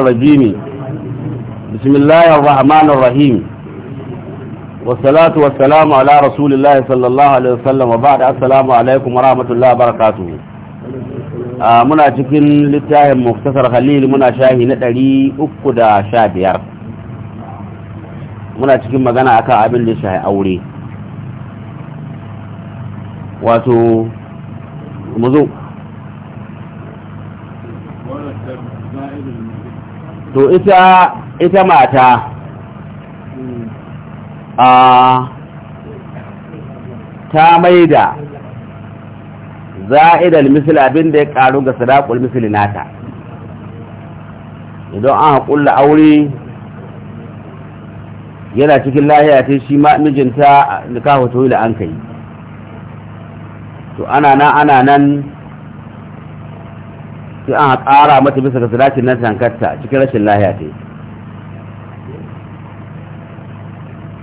الرجيم بسم الله الرحمن الرحيم والصلاة والسلام على رسول الله صلى الله عليه وسلم وبعد السلام عليكم ورحمة الله وبركاته muna cikin littafin muktasar halil muna shahi na ɗari uku da sha biyar muna cikin magana akan abin da shahi aure wato to ita ita mata a ta maida za'idal abin da ya karu ga sadaqul misl nata idan an kulla aure yana cikin lahiya ta shi ma mijinta nikahu tawila an kai to ana nan ana nan sai an ƙara mata bisa ga salatin nan tankarta cikin rashin lahiya ta yi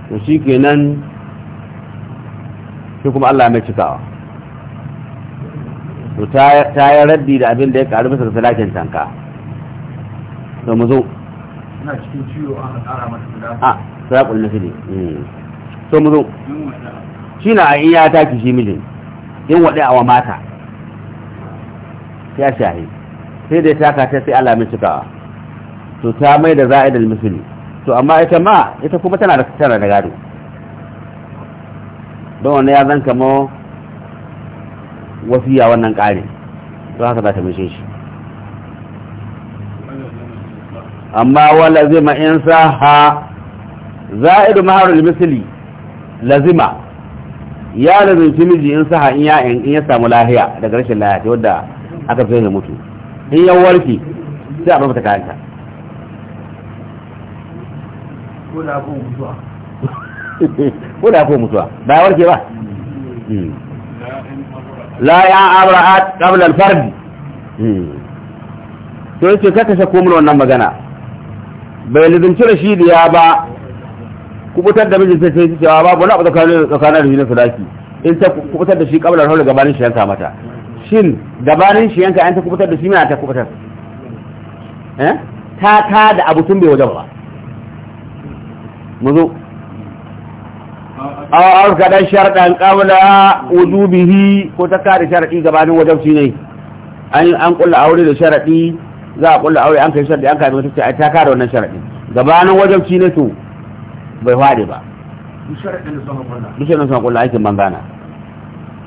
to shi kenan shi kuma Allah mai cikawa to ta yi raddi da abin da ya karu bisa ga salatin tanka to mu zo na cikin ciwo an ƙara mata salatin a ah, sarakul nafili hmm. to mu zo shi na in ya taki shi mijin in waɗe awa mata ya shahi sai da taka ta sai Allah mai cikawa to ta mai da za'idal misli to amma ita ma ita kuma tana da tana da gado don wani ya zan kama wasiya wannan ƙari to haka za ta mishe shi amma wala ma in sa ha za'idu maharul misli lazima ya lazimci miji in sa ha in ya samu lahiya daga rashin lahiya ta wadda aka fi mutu in yau warke sai a bar mata kayanta ko da ko mutuwa ba ya warke ba hmm. la ya abra'at qabla al-fard hmm. to yace ka kashe ko mun wannan magana bai lidinci ya ba kubutar da mijinta sai cewa babu wani abu tsakanin tsakanin na sadaki in ta kubutar da shi qabla al-fard gabanin shi yanka mata shin gabanin shi yanka an kubutar da shi mai ta kubutar eh? ta ta da abu tun bai waje ba mu a arka dan sharɗan ƙawla wujubihi ko ta kare sharaɗi gabanin wajen shi ne an ƙulla aure da sharaɗi za a ƙulla aure an kai sharaɗi an kai mutu ta ta kare wannan sharaɗi gabanin wajen shi ne to bai fade ba duk sharaɗin da sun ƙulla aikin bangana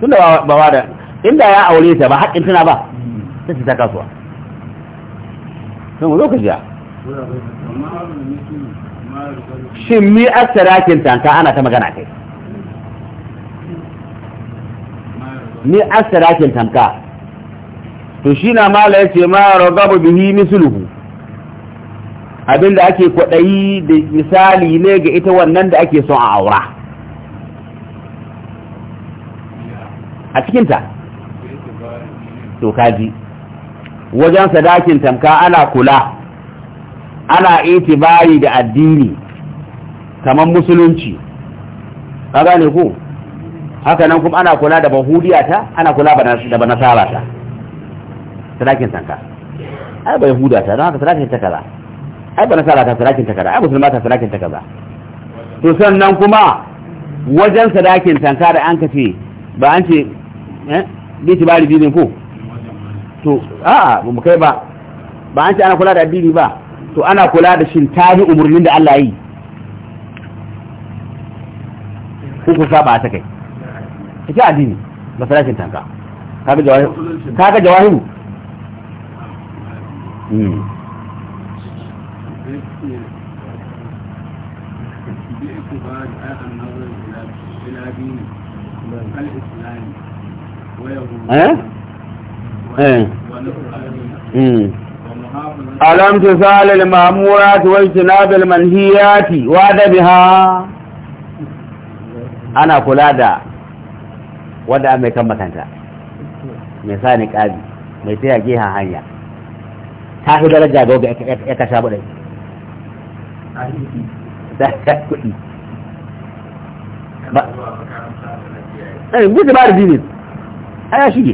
tun da ba ba da inda ya aure ta ba haƙƙin tana ba sai ta kasuwa sun zo ka jiya shin mi a tanka ana ta magana kai mi a tanka to shi na mala ya ce ma ragabu bihi misulhu abinda ake kwaɗayi da misali ne ga ita wannan da ake son a aura a cikinta to kaji wajen sadakin tamka ana kula ana itibari da addini kamar musulunci ka gane ku haka nan kuma ana kula da bahudiya ta ana kula da banasara ta sadakin tanka ai ba yahuda ta don haka sadakin ta kaza ai nasara ta sadakin ta kaza ai musulma ta sadakin ta kaza to sannan kuma wajen sadakin tanka da an kace ba an ce eh bi tibari ne ku? to a'a ba mu kai ba ba an ce ana kula da addini ba to ana kula da shin tahi umurnin da Allah yi ko ku saba ta kai kace addini masalacin tanka kaga jawahi kaga ga mm Hmm. alam tusal al ma'murat wa ijtinab al manhiyat wa adabiha ana kula da wanda mai kan makanta mai sa ni kabi mai tsaya gehen hanya ta fi daraja ga wanda ya kasha bude kuɗi ba ba da jini a ya shige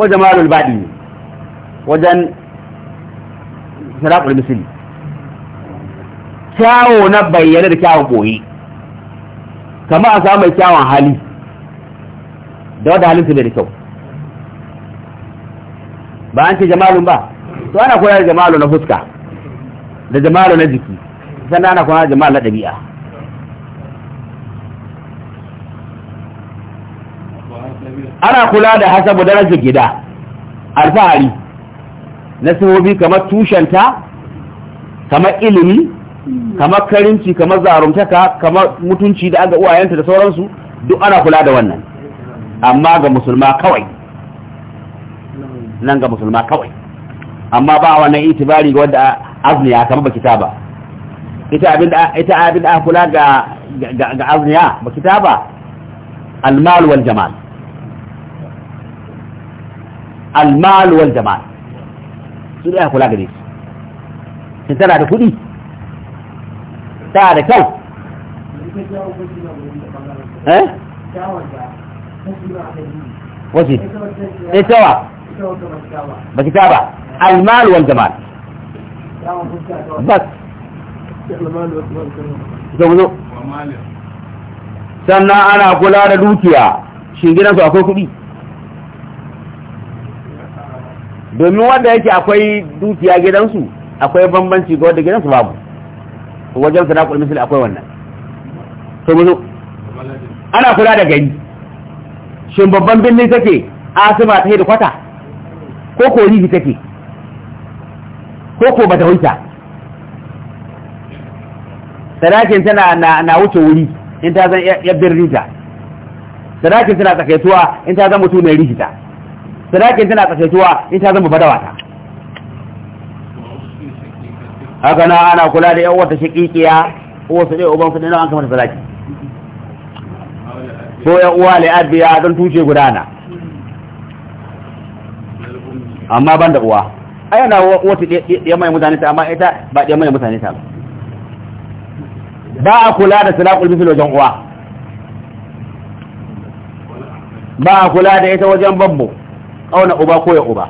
Ko jamalul baɗi wajen siratul misali kyawo na bayyana da kyawon ɓoye kama a samu mai kyawon hali da wadda halin su bai da kyau ba an ce jamalun ba to ana koyar da jamalu na fuska da jamalu na jiki sannan ana koyar da jamalu na ɗabi'a ana kula da hasabu darajar gida alfahari na sahobi kamar tushenta kamar ilimi kamar karinci kamar zarumtaka kamar mutunci da aga uwayenta da sauransu duk ana kula da wannan amma ga musulma kawai nan ga musulma kawai amma ba wannan itibari ga wanda azniya kamar ba kitaba ita abin ita abinda kula ga ga azniya ba kitaba almal wal jamal almal wal jamal su da kula gare su shin tana da kuɗi tana da kyau eh wace eh, tawa ba ki ba almal wal jamal bas zo sannan ana kula da dukiya shin su akwai kuɗi domin wanda yake akwai dukiya gidansu akwai bambanci ga wanda gidansu babu wajen sadaqul misl akwai wannan to mu ana kula da gari shin babban birni take asima ta da kwata ko ko rihi take ko ko bata wuce sadakin tana na, na wuce wuri in ta zan yabbin rita sadakin tana tsakaituwa in ta zan mutu mai rihita sadakin tana kasaituwa in ta zama badawa ta haka na ana kula da yan wata su ne ɗaya ubansu ɗaya an kamata sadaki ko yan uwa abiya don tushe gudana amma ban da uwa ai yana wata ɗaya mai mutane ta amma ita ba ɗaya mai mutane ta ba a kula da salakul bisu lojan uwa ba a kula da ita wajen babbo auna uba ko ya uba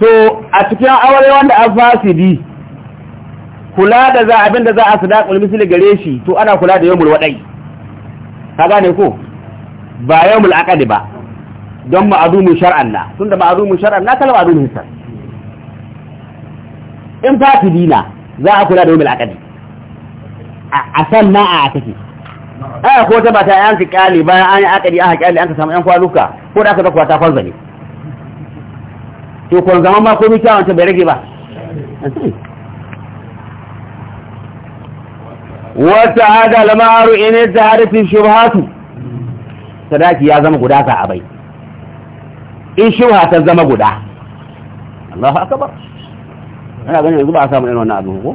to a cikin aure wanda an fasidi kula da za abin da za a sadaqul misli gare shi to ana kula da yawmul wadai ka gane ko ba yawmul aqdi ba don ma'azumu shar'an na tunda ma'azumu shar'an na kalma ma'azumu hisar in fasidi na za a kula da yawmul aqdi a sannan a take aya ko ta bata yanzu kyale bayan an yi akari aka kyale an ta samu yan kwaluka ko da aka zakwa ta kwanza ne to kwan zaman ba ko kyawun ta bai rage ba wata hada lamaru in ta harfin shubhatu sadaki ya zama guda ka abai in shubha ta zama guda Allahu akbar ina ganin yanzu ba a samu irin wannan abu ko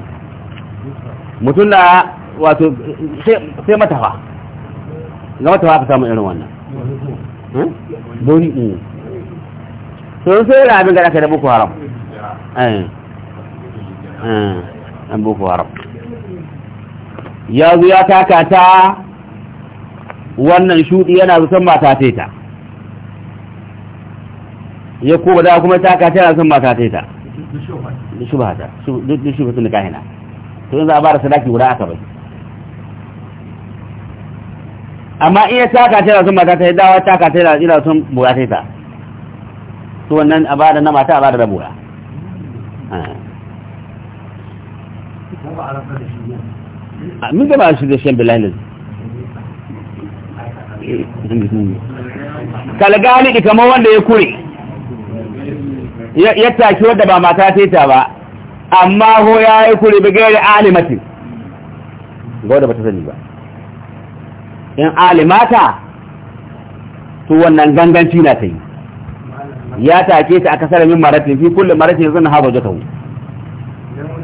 mutum da wato sai matafa ga matafa aka samu irin wannan eh? boni ne mm. sun sai yana abin gada ka da boko haram eh. eh, an boko haram yanzu ya taka ta wannan shudi yana zuton mata ta ya kuma da kuma taka ta yana zuton mata ta duk shubhata duk shubhatun kahina to yanzu a bara sadaki guda aka bai amma iya taka tana sun mata ta yi dawa taka tana ina sun bura ta ta su wannan a bada na mata a bada da bura ah. min gaba shi da shan kalgani ita ma wanda ya kure ya taki wadda ba mata ta ba amma ho ya yi kure bigare alimatin ga wadda ba ta sani ba in alimata to wannan ganganci na ta yi ya take ta aka saramin maratin fi kullum maratin zan haɓa jaka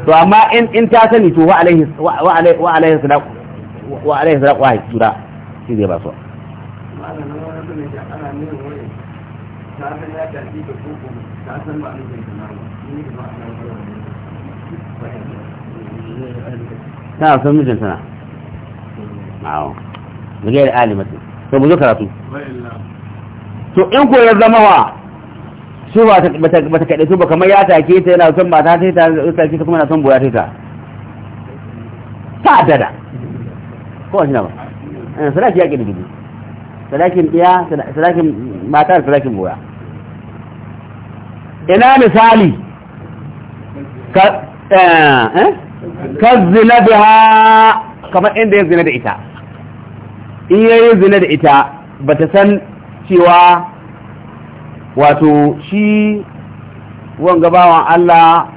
to amma in in ta sani to wa alaihi wa alaihi wa alaihi wa alaihi sadaq wa hakira shi zai ba su ta san mijin tana na'am da gairi alimati to mu zo karatu to in ko ya zama wa su ba ta kaɗe su ba kamar ya take ta yana son mata ta ta ta ta kuma na son buya ta ta ta dada ko shi na ba sadaki ya ƙi da sadakin ɗiya sadakin mata da sadakin buya. ina misali ka zina biha kamar inda ya zina da ita in yayi zina da ita ba ta san cewa wato shi wanga bawan Allah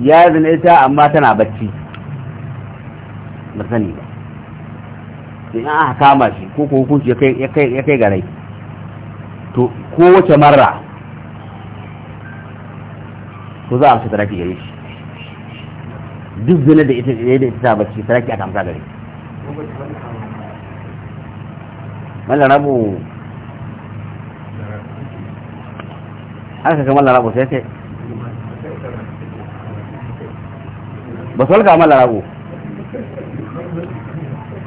ya zina ita amma tana bacci ba sani ba sai an kama shi ko ko hukunci ya kai garai to ko wace marra ko za a amsa taraki gare shi duk zina da ita da ita bacci taraki aka amsa gare shi mallan rabu aka ga mallan rabu sai ce ba su halka mallan rabu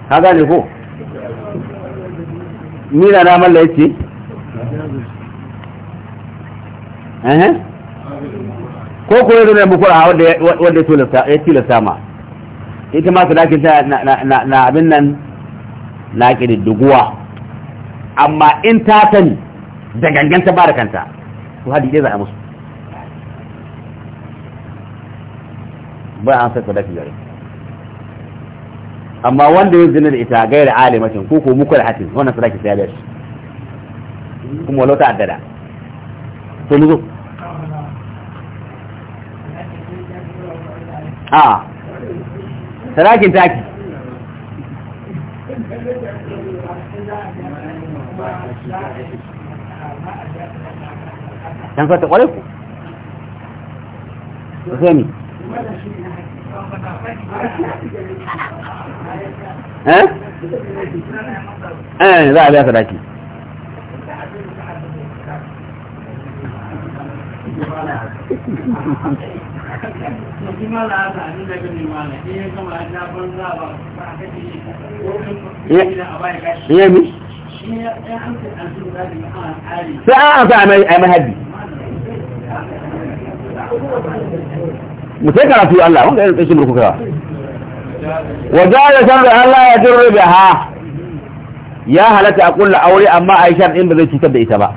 ka gane ko nina na mallan ya ce ko ko yanzu ne bukura wadda ya tilasta ma ita ma su dakin ta na abin nan na ƙididdiguwa amma in ta sani da ganganta ba da kanta to hadi dai za a musu ba an sai sadaki gare amma wanda ya zina da ita da alimacin ko ko mukul hatin wannan sadaki sai ya bashi kuma wala ta addada to mu zo a ah. sadakin taki dan fata kwarai ku sani eh eh za a biya sadaki Yeah, me? sai an amsa a yi mahaddi mutai karatu Allah wanda ya tsaye murku kawa wajen da san da Allah ya jirri da ha ya halatta a kulla aure amma a yi sharɗin da zai cutar da ita ba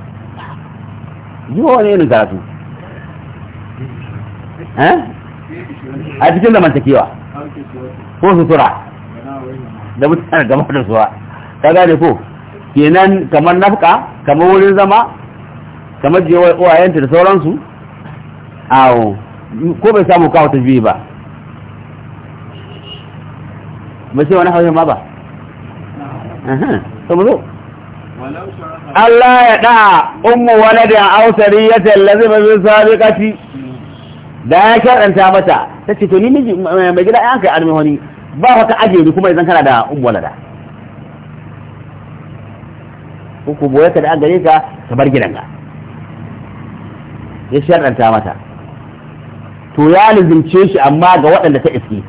yi wa wani irin karatu eh? a cikin zamantakewa ko sutura da mutane gaba da suwa ka gane ko kenan kamar nafka kamar wurin zama kamar jewa uwayenta da sauransu awo ko bai samu kawo biyu ba ba ce wani haushin ma ba to mu Allah ya da ummu waladin ausariyatin lazima bin sabiqati da ya karanta mata ta ce to ni miji mai gida ya kai armi wani ba haka ajiyar kuma idan kana da ummu walada ko ko boye ka da gare ka ka bar gidanka ya sharɗanta mata to ya lizimce shi amma ga waɗanda ta iske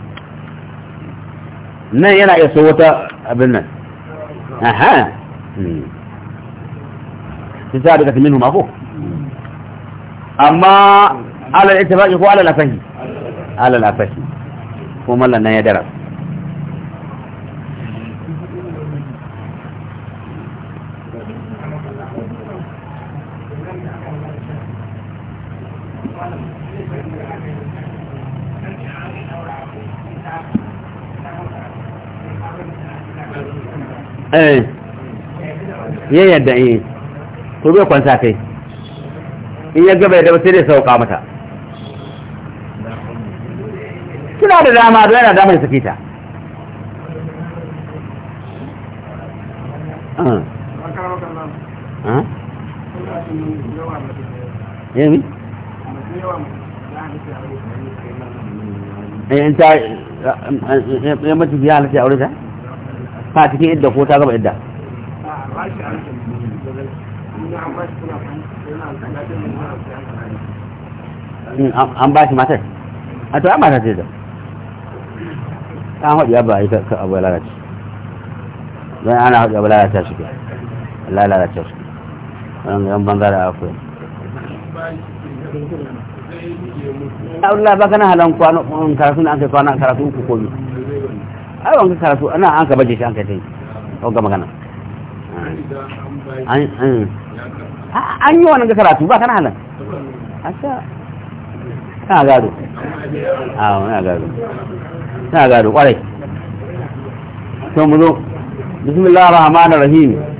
nan yana iya so wata abin nan aha hmm. sai sa daga minhu mako amma alal ittifaqi ko alal afahi alal afahi ko mallan nan ya darasa eh ya yadda eh to bai kwanta kai in ya gaba yadda sai dai sauka mata suna da dama da yana damar saki ta ah. Ah. Eh, in ta ya eh, eh, mace biya halatta ya aure ta ta cikin idda ko ta gaba idda hmm, an ba shi matar a to an mata ce da ta haɗu ya ba ita ka abu ya lalace don ana haɗu abu lalace shi ke lalace shi ke wani ban zara kuwa Allah ba kana halan kwanan karatu na an kai kwanan karatu ku komi ai wanka karatu ana an ka baje shi an kai dai ko ga magana an yi wannan ga karatu ba kana halan asa na gado a na gado na gado kwarai to mu zo bismillahir rahmanir rahim